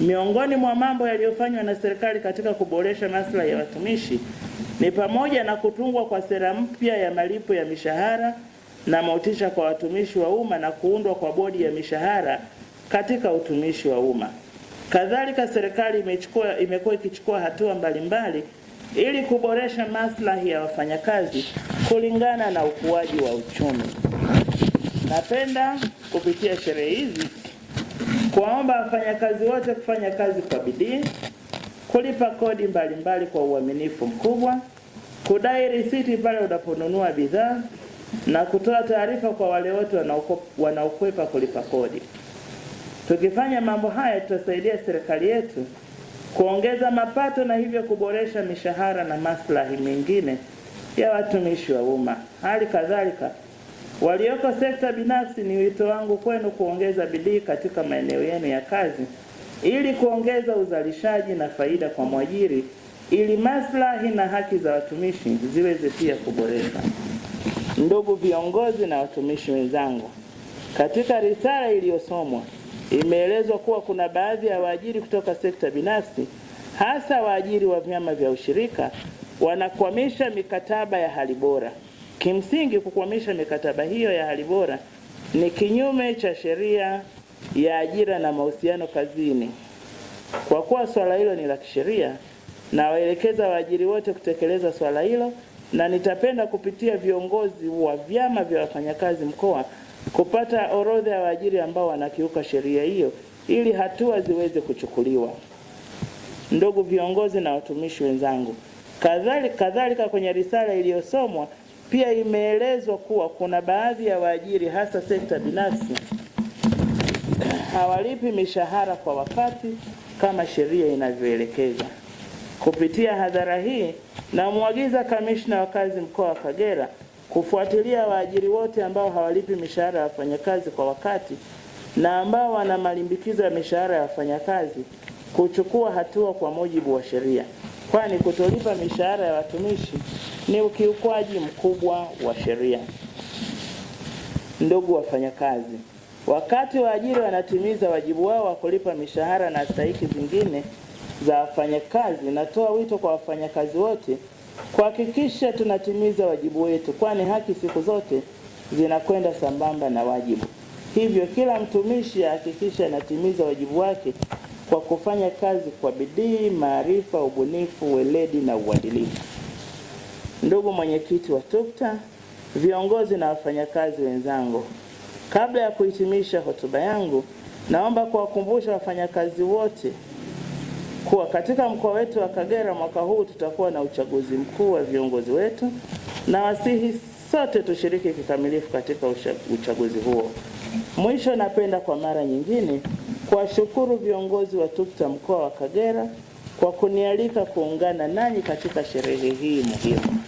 Miongoni mwa mambo yaliyofanywa na serikali katika kuboresha maslahi ya watumishi ni pamoja na kutungwa kwa sera mpya ya malipo ya mishahara na motisha kwa watumishi wa umma na kuundwa kwa bodi ya mishahara katika utumishi wa umma. Kadhalika, serikali imechukua imekuwa ikichukua hatua mbalimbali mbali, ili kuboresha maslahi ya wafanyakazi kulingana na ukuaji wa uchumi. Napenda kupitia sherehe hizi kuwaomba wafanyakazi wote kufanya kazi kwa bidii, kulipa kodi mbalimbali mbali kwa uaminifu mkubwa, kudai risiti pale unaponunua bidhaa na kutoa taarifa kwa wale wote wanaokwepa kulipa kodi. Tukifanya mambo haya, tutasaidia serikali yetu kuongeza mapato na hivyo kuboresha mishahara na maslahi mengine ya watumishi wa umma. Hali kadhalika Walioko sekta binafsi, ni wito wangu kwenu kuongeza bidii katika maeneo yenu ya kazi ili kuongeza uzalishaji na faida kwa mwajiri ili maslahi na haki za watumishi ziweze pia kuboreshwa. Ndugu viongozi na watumishi wenzangu, katika risala iliyosomwa imeelezwa kuwa kuna baadhi ya waajiri kutoka sekta binafsi, hasa waajiri wa vyama vya ushirika, wanakwamisha mikataba ya hali bora. Kimsingi, kukwamisha mikataba hiyo ya hali bora ni kinyume cha sheria ya ajira na mahusiano kazini. Kwa kuwa swala hilo ni la kisheria, nawaelekeza waajiri wote kutekeleza swala hilo, na nitapenda kupitia viongozi wa vyama vya wafanyakazi mkoa kupata orodha ya waajiri ambao wanakiuka sheria hiyo ili hatua ziweze kuchukuliwa. Ndugu viongozi na watumishi wenzangu, kadhalika kadhalika, kwenye risala iliyosomwa pia imeelezwa kuwa kuna baadhi ya waajiri hasa sekta binafsi hawalipi mishahara kwa wakati kama sheria inavyoelekeza. Kupitia hadhara hii, namwagiza Kamishna wa Kazi Mkoa wa Kagera kufuatilia waajiri wote ambao hawalipi mishahara ya wafanyakazi kwa wakati na ambao wana malimbikizo ya mishahara ya wafanyakazi kuchukua hatua kwa mujibu wa sheria, kwani kutolipa mishahara ya watumishi ni ukiukwaji mkubwa wa sheria. Ndugu wafanyakazi, wakati waajiri wanatimiza wajibu wao wa kulipa mishahara na stahiki zingine za wafanyakazi, natoa wito kwa wafanyakazi wote kuhakikisha tunatimiza wajibu wetu, kwani haki siku zote zinakwenda sambamba na wajibu. Hivyo kila mtumishi ahakikisha anatimiza wajibu wake kwa kufanya kazi kwa bidii, maarifa, ubunifu, weledi na uadilifu. Ndugu mwenyekiti wa TUCTA, viongozi na wafanyakazi wenzangu, kabla ya kuhitimisha hotuba yangu, naomba kuwakumbusha wafanyakazi wote kuwa katika mkoa wetu wa Kagera mwaka huu tutakuwa na uchaguzi mkuu wa viongozi wetu, na wasihi sote tushiriki kikamilifu katika uchaguzi huo. Mwisho, napenda kwa mara nyingine kuwashukuru viongozi wa TUCTA mkoa wa Kagera kwa kunialika kuungana nanyi katika sherehe hii muhimu.